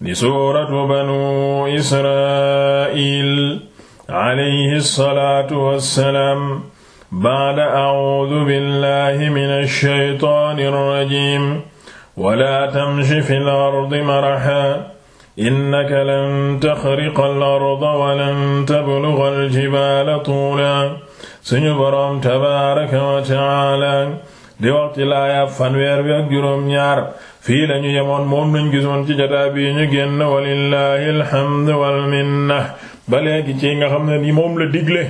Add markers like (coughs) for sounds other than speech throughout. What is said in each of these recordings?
di suuratu banu israil alayhi salaatu wassalaam ba'da a'uudu billahi minash shaytaanir rajiim walaa tamshi fil ardi maraha innaka lan taxriqal arda wa lan tablughal jibaala tuula suñu boroom tabaaraka wa ta'aala di waxti laaya fanweer bi ak juróom ñaar fii lañu yemoon moom lañ gisoon ci jataa bi ñu génn walillahi alhamdu wal minna ba léegi ci nga xam ne ni moom la digle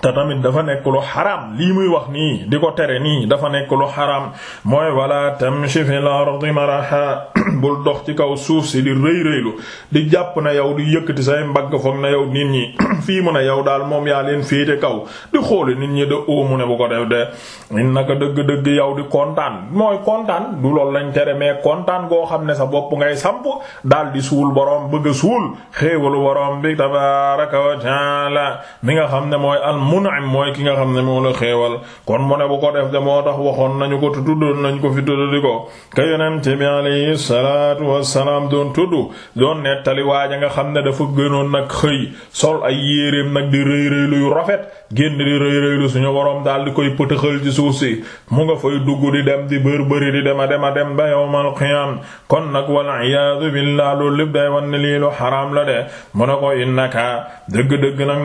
te tamit dafa nekk lu xaram lii muy wax nii di ko tere nii dafa nekk lu xaram mooy wala tamshi fil ardi maraha (coughs) bul dox ci kaw suuf si di rëy rëylu di jàpp na yow di yëkkati say mbagg na yow nit ñi (coughs) fii mu ne yow daal moom yaa leen féete kaw di nit ñi de oh, mu ne bu ko def de in naka dëgg-dëgg yow di kontaan mooy kontaan du loolu lañ tere mais kontaan goo xam ne sa bopp ngay samp daal di suul borom bëgg a suul xéewalu nga xam ne mooy mu na mun'im mooy ki nga xam ne moo la xeewal kon mu ne bu ko def de moo tax waxoon nañu ko tuddoon nañ ko fi tuddadi ko ka yonent bi alayhi salaatu wassalaam doon tudd doon nettali waaja nga xam ne dafa gënoon nag xëy sol ay yéreem nag di rëy yu luy rafet génn di rëy rëy lu suñu woroom daal di koy pëtëxal ci suuf si mu nga fay dugg di dem di bër di dema dema dem ba yawmal qiyaam kon nag wal iyaadu billah loolu lépp day wan ne lii lu xaraam la de mu ne ko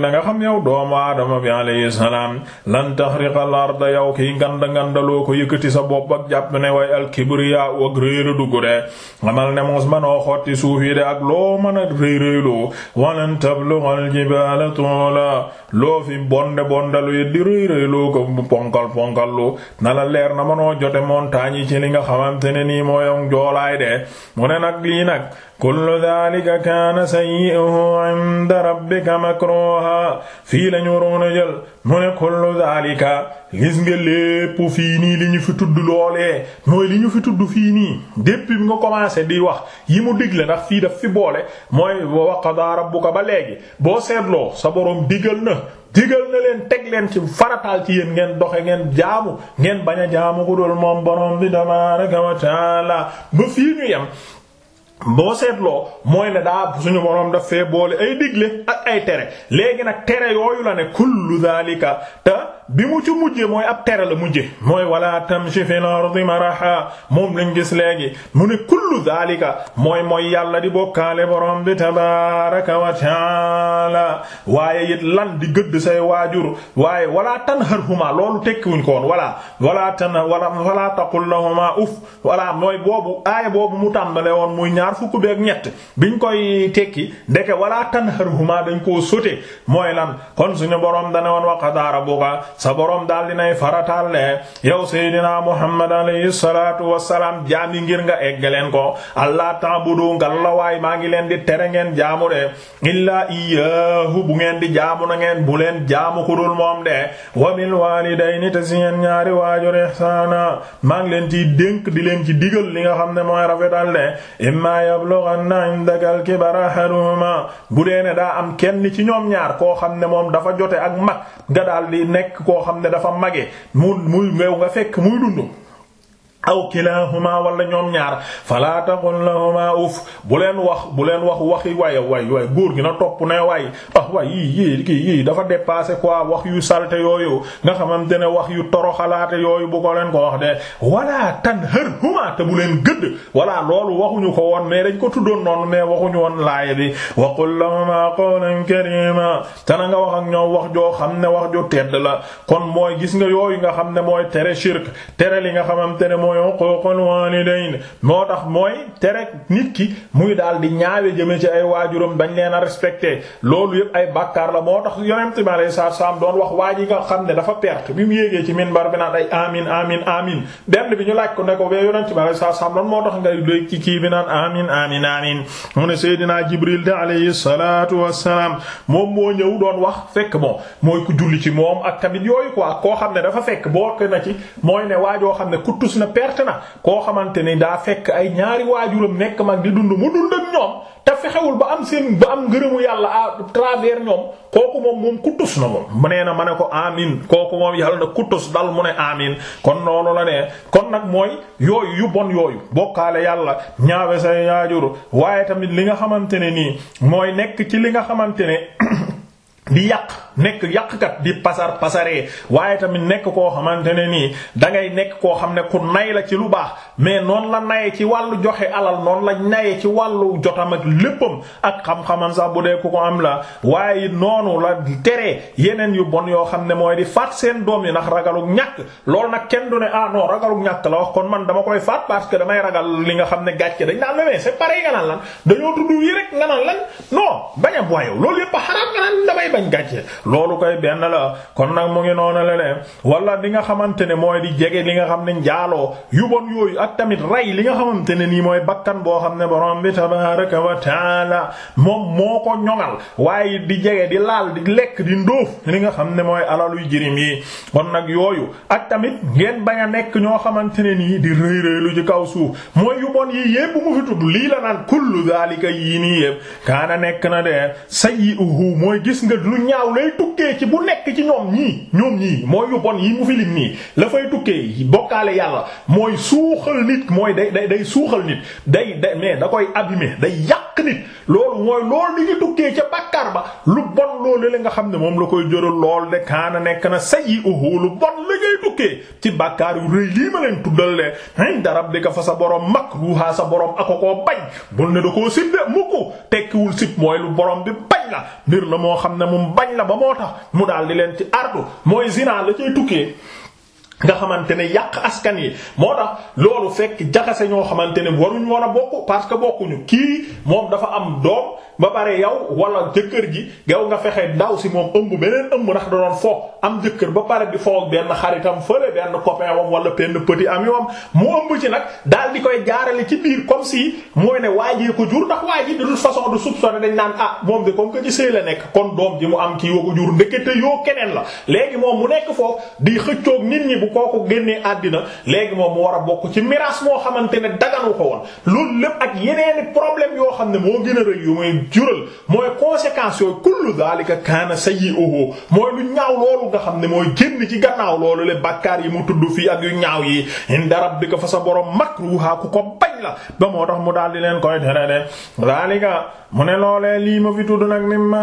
na nga xam yow doomu alayhi salaam lan tahriqal arda yow kiy nganda ngandaloo ko yëkkati sa bopp ak jàpp ne way al kibriya ak réer a dugg de xamal ne mos manoo xotti suuf yi de ak loo mën a réy réyloo walan tablughal jibala toola loo fi bonde bondalu yi di ko ponkal ponkal lu na la leer na manoo jote montagne yi ci li nga xamante ne nii mooy ak joolaay de mu lii nag kullu dhalika kaana sayyi'uhu 'inda rabbika makruha fii lañu waroon wéral mu ne kullu zalika gis nga lépp fii nii li ñu fi tudd loolee mooy li ñu fi tudd fii nii depuis bi nga commencé di wax yi mu digle ndax fii daf fi boole mooy wa qadaa rabbuka ba léegi boo seetloo sa borom digal na digal na leen teg leen ci farataal ci yéen ngeen doxe ngeen jaamu ngeen bañ a jaamu ku dul moom borom bi tabaaraka wa taala ba fii ñu yem boo seetloo mooy ne daa suñu boroom daf fee boole ay digle ak ay tere léegi nag tere yooyu la ne kullu zalika ta bi mu ci mujje mooy ab tere la mujje mooy wala tamshi fil ardi maraha moom lañ gis léegi mu ne kullu zalika mooy mooy yàlla di bokkaale borom bi tabaraka wa taala waaye it lan di gëdd say waajur waaye wala tanharhuma loolu tekkiwuñ ko woon wala wala tan wala wala taqul uf wala mooy boobu aaya boobu mu tàmbale woon muy ñaar fukk beek ñett biñ koy tekki ndeke tan tanharhuma dañ ko sote mooy lan kon suñu borom dana woon wa qadaara sa borom daal dinay farataal ne yow Seydina Muhammad alayhi salaatu wassalaam jaam yi ngir nga eggaleen ko allah ta'budu ngallawaay maa ngi leen di tere ngeen jaamu de illaa iyyaahu bu ngeen di jaamu na ngeen bu leen jaamu ku dul moom de wa bil waalidayni te si ngeen ñaari waajur ihsaana maa ngi leen ci dénk di leen ci digal li nga xam ne mooy rafetal de imma yablughanna indaka al-kibara ahaduhuma bu dee ne daa am kenn ci ñoom ñaar koo xam ne moom dafa jote ak mag nga daal nekk koo xam ne dafa mage mu muy nga fekk muy dund aw kilahuma wala ñoom ñaar fala taqul lahuma uf bu leen wax bu leen wax waxi waaye waay waay góor gi na topp na waay ah waay yii yii kii yii dafa dépassé quoi wax yu salte yooyu nga xamante ne wax yu toro xalaate yooyu bu ko leen ko wax de wala tanharhuma te bu leen gëdd wala loolu waxuñu ko woon mais dañ ko tuddoon noonu mais waxuñu woon laaya bi wa qul lahuma qawlan karima te na nga wax ak ñoom wax joo xam ne wax ju tedd la kon mooy gis nga yooyu nga xam ne mooy tere shirk wa uquuqul waalidayn moo tax mooy tere nit ki muy daal di ñaawe jëme ci ay waajuram dañ a respecté loolu yëpp ay la moo tax yonent bi alayhi salaatu salaam doon wax waa ji nga mu yéegee ci minbar bi naan ay amin ko ko moo tax ngay doy ci kii bi naan amin amin amin mu ne Seydina Jibril da xam ne dafa fekk bokk na ci mooy ne waajoo xam ne ku tus na perte na koo xamante ni daa fekk ay ñaari waajuram nekk mag di dund mu dund ak ñoom te fexewul ba am seen ba am ngërëmu yàlla à travers ñoom kooku moom moom kutus na moom mu nee na ma ne ko amin kooku moom yàlla na kutus dal mu ne amin kon noonu la ne kon nag mooy yooyu yu bon yooyu bokkaale yàlla ñaawe say yaajur waaye tamit li nga xamante ne nii mooy nekk ci li nga xamante ne (clears throat) di yàq nekk yàq kat di pasar pasaree waaye tamit nekk koo xamante ne nii da ngay nekk koo xam ne ku nay la ci lu baax mais noonu la nayee ci wàllu joxe alal noonu la nayee ci wàllu jotam ak ak xam sax bu dee ku am la waaye noonu la teree yeneen yu bon yoo xam ne mooy di faat seen doom yi ndax ragaluk ñàkk loolu nag kenn du ne ah non ragaluk ñàkk la wax kon man dama koy faat parce que damay ragal li nga xam ne gàcce dañ naan mais c'est pareil nga naan lan dañoo tudd yi rek nga naan lan non bañ a boyew loolu yëpp xaraam nga naan damay bañ gàcce loolu koy benn la kon nag mu ngi noonu la ne wala li nga xamante ne mooy di jege li nga xam ne njaaloo yu bon yooyu ak tamit rey li nga xamante ne nii mooy bakkan boo xam ne borom bi tabaaraka wa taala moom moo ko ñoŋal waaye di jege di laal di lekk di ndóof li nga xam ne mooy alaluy jirim yi kon nag yooyu ak tamit ngeen bañ nekk ñoo xamante ne nii di rëy rëylu ci kaw suuf mooy yu bon yi yépp mu fi tudd lii la naan kullu daalika yii nii yépp kaana nekk na de sayyi'uhu mooy gis nga lu ñaaw lay tukkee ci bu nekk ci ñoom ñii ñoom ñii mooy yu bon yi mu fi lim nii la fay tukkee bokkaale yàlla mooy suuxal nit mooy day day day suuxal nit day day mais da koy abîmer day yàq nit loolu mooy loolu li ñu tukkee ca bàkkaar ba lu bon loolu la nga xam ne moom la koy jëral lool de kaana nekk na sayyi'uhu lu bon ngay tukkee ci bàkkaar yu rëy lii ma leen tuddal le inda rabbika fa sa borom makruha sa borom ako koo bañ bul ne da koo sib de mukku tekkiwul sib mooy lu borom bi bañ la mbir la moo xam ne moom bañ la ba moo tax mu daal di leen ci ardu mooy zina la cay tukkee nga xamante ne yàq askan yi moo tax loolu fekk jaxase ñoo xamante ne waruñu war a bokk parce que bokkuñu kii moom dafa am doom ba pare yow wala jëkkër ji yow nga fexe ndaw si moom ëmb beneen ëmb ndax da foog am jëkkër ba pare di foo ak benn xaritam fële benn copain wam wala benn petit ami wam mu ëmb ci nag daal di koy jaarale ci biir comme si mooy ne waajee ko jur ndax waa ji de toute façon du soupçonné dañ naan ah moom de comme que ci la nekk kon doom ji mu am kii woo ko jur ndekete yoo keneen la léegi moom mu nekk foof di xëccoog nit ñi bu kooku génnee àddina léegi moom mu war a bokk ci miraas moo xamante ne daganu ko woon loolu lépp ak yeneeni problème yoo xam ne moo gën a yu koy jural mooy conséquences yooyu kullu daalika kaana sayyi'uhu mooy lu ñaaw loolu nga xam ne mooy génn ci gannaaw loolu le bàkkaar yi mu tudd fii ak yu ñaaw yi inda rabbika fa sa borom makruha ku ko bañ la ba moo tax mu daal di leen koy tere de daalika mu ne loolee lii ma fi tudd nag mimma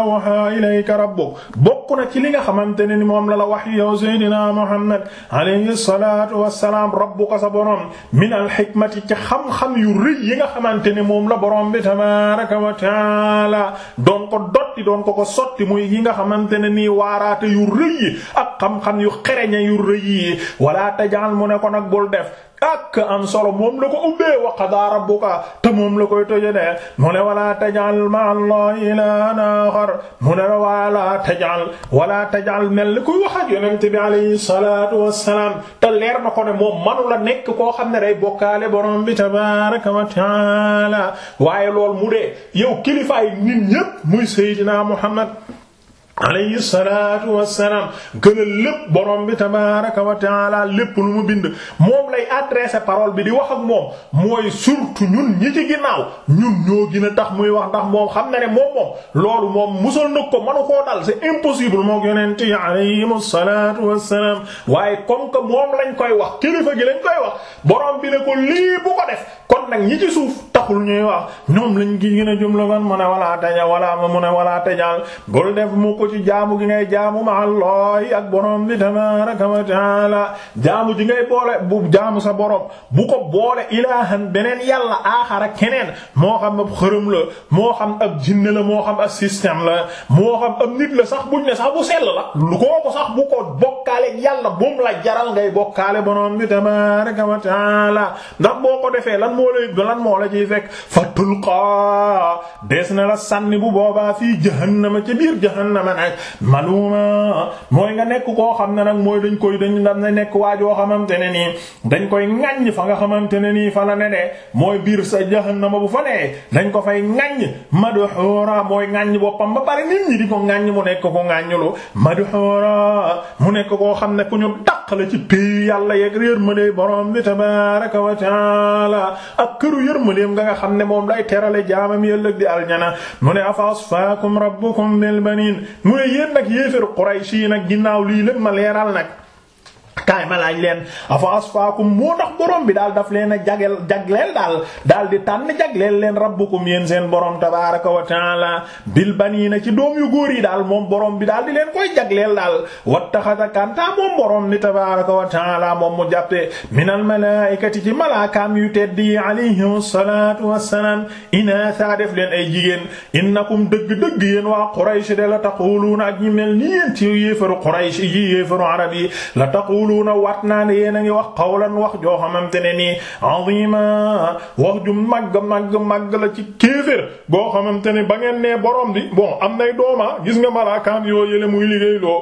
awha ilayka rabbuk bokk na ci li nga xamante ne ni moom la la wax yow Seydina Muhammad alayhi salaatu wassalaam rabbuka sa borom min al hikmati ne moom la borom bi tabaaraka wa taala doon ko dotti doon ko ko sotti muy yi nga xamante ne ni waaraate yu rëy ak xam-xam yu xereña yu rëy yi wala tajal mu ko nag bul def ak am solo moom la ko ubbee wa qadaa rabbuka te moom la koy to mu ne wala tajal ma allah ilahan axar mu ne tajal wala tajal mel ni kuy wax ak yonent bi alayhi salatu wassalam te leer na ko ne moom manu nekk koo xam ne day bokkaale borom bi tabaraka wa taala waaye lool mu dee yow kilifaay nit ñépp muy sayyidina Muhammad alayhi salaatu wassalaam gën lépp borom bi tabaaraka wa taala lépp lu mu bind moom lay adressé parole bi di wax ak moom mooy surtout ñun ñi ci ginnaaw ñun ñoo gën a tax muy wax ndax moom xam na ne moom moom loolu moom musal na ko manu koo dal c'est impossible moo yonent yi alayhimu salaatu wassalaam waaye comme que moom lañ koy wax kilifa gi lañ koy wax borom bi ne ko lii bu ko def kon nag ñi suuf. taxul ñuy wax ñoom lañ gi gën a jumla kon mu ne walaa taja walaa ma mu ne walaa tajal bul def mu ko ci jaamu gi ngay jaamu ma Allahi ak borom bi tabaraka wa taala jaamu ji ngay boole bu jaamu sa borom bu ko boole ilaahan yàlla aaxara moo xam ab moo xam ab jinne moo xam ab système la moo xam sax buñ ne sax bu sell la lu kooku sax bu la jaral ndax boo ko defee lan moo lay lan moo la ci di fekk fa tulqaa dees na la sànni bu boobaa fii jahannama ca biir jahannama nag maluma mooy nga nekk koo xam ne nag mooy dañ koy dañ dam na nekk waajoo xamante ne nii dañ koy ŋàññ fa nga xamante ne nii fa la ne mooy biir sa jahannama bu fa nee dañ ko fay ŋàññ madhura mooy ŋàññ boppam ba pare nit ñi di ko ŋàññ mu nekk ko ŋàññulu madhura mu nekk koo xam ne ku ñu dàq la ci pii yàlla yeg yërmande borom bi tabaraka wa taala ak këru yërmandeem nga nga xam ne moom lay terale jaamam yëllëg di aljana mu ne afa asfaakum rabbukum bil baniin mu ne yéen nag yéefér Quraysh yi nag ginnaaw lii lépp ma leeral nag kaay ma laaj leen afa asfaakum moo tax borom bi daal daf leen a jagel jagleel daal daal di tànn jagleel leen rabbukum yéen seen borom tabaaraka wa taala bil baniina ci doom yu góor yi daal moom borom bi daal di leen koy jagleel daal wattaxata kantaa moom borom ni tabaaraka wa taala moom mu jàppe minal malaa'ikati ci malaakaam yu teddi alayhim salaatu wassalaam inaasa def leen ay jigéen innakum dëgg-dëgg yéen waa Quraysh de la taquluuna ak ñi mel nii yéen ci yéefaru Quraysh yi yéefaru arab la taquluuna na waat naa ne yéen a ngi wax qawlan wax joo xamante ne nii azima wax ju màgg màgg màgg la ci kéefér boo xamante ne ba ngeen nee borom bi bon am nay dooma gis nga malaakaam yoo yële muy liggéey loo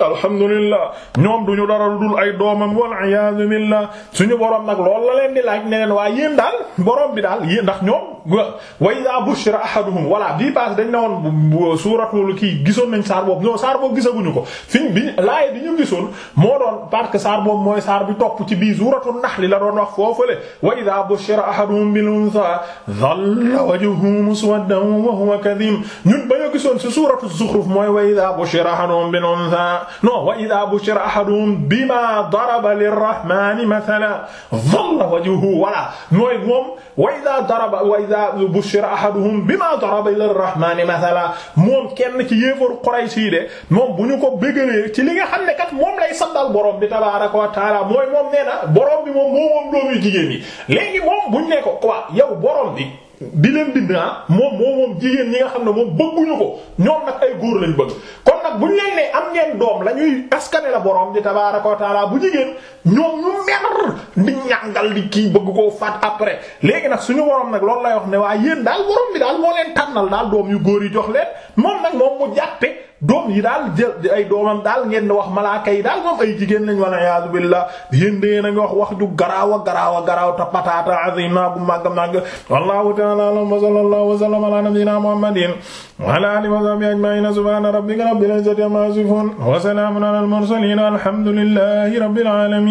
alhamdulillah ñoom du ñu dara dul ay doomam wal iyaadu billah suñu borom nag loolu la leen di laaj ne leen waaye yéen daal borom bi daal yéen ndax ñoom wa iza bushira ahaduhum voilà bii paase dañ ne woon suuratul kii gisoon nañ saar boobu non saar boobu gisaguñu ko fiñ bi laay bi ñu gisoon moo doon que saar boobu mooy saar bi topp ci bii suuratul nahl li la doon wax foofule wa iza bushira ahaduhum bil untha dhalla wajhuhu wa huwa kadhim suuratu zukhruf mooy wa iza bushira ahaduhum bil untha non wa idha bushira ahaduhum bima daraba lirrahmani mathalan dhalla wajhuhu wala nooy moom wa idha daraba wa idha bushira ahaduhum bima daraba lirrahmani mathalan moom kenn ci yéefar Quraysh yi de moom bu ñu ko bégalee ci li nga xam ne kat moom lay sandal borom bi tabaaraka wa taala mooy moom nee na borom bi moom moo moom doomu jigéen yi léegi moom buñ ne ko quoi yow borom bi bi leen bind ah, moom moo moom jigéen ñi nga xam ne moom bëgguñu ko ñoom nag ay góor lañ bëgg nag bu ñu leen ne am ngeen doom la ñuy askane la borom di tabaaraka wa taala bu jigéen ñoom ñu mer di ñàngal di kii bëgg ko faat après léegi nag suñu borom nag loolu lay wax ne waa yéen daal borom bi daal moo leen tànnal daal doom yu góor yi jox leen. moom nag moom mu jàppe doom yi daal jël ay doomam daal ngeen wax malaaka yi daal moom ay jigéen lañ a iyaazu billah yéen dangeen a ngi wax wax ju garaawa garaawa garaaw ta a azim naagu màggam nag wallahu ta'ala a'lam wa sallallahu wa sallama ala nabiyyina muhammadin wa ala alihi wa sahbihi ajma'in subhana rabbika rabbil izzati amma yasifun wa salamun ala al mursalin alhamdulillahi rabbil